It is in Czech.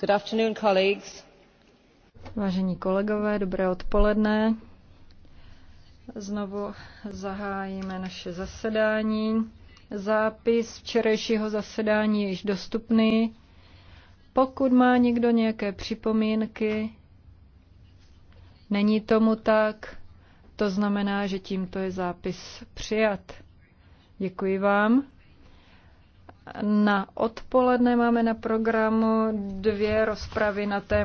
Good afternoon, colleagues. Vážení kolegové, dobré odpoledne. Znovu zahájíme naše zasedání. Zápis včerejšího zasedání je již dostupný. Pokud má někdo nějaké připomínky, není tomu tak, to znamená, že tímto je zápis přijat. Děkuji vám na odpoledne máme na programu dvě rozpravy na téma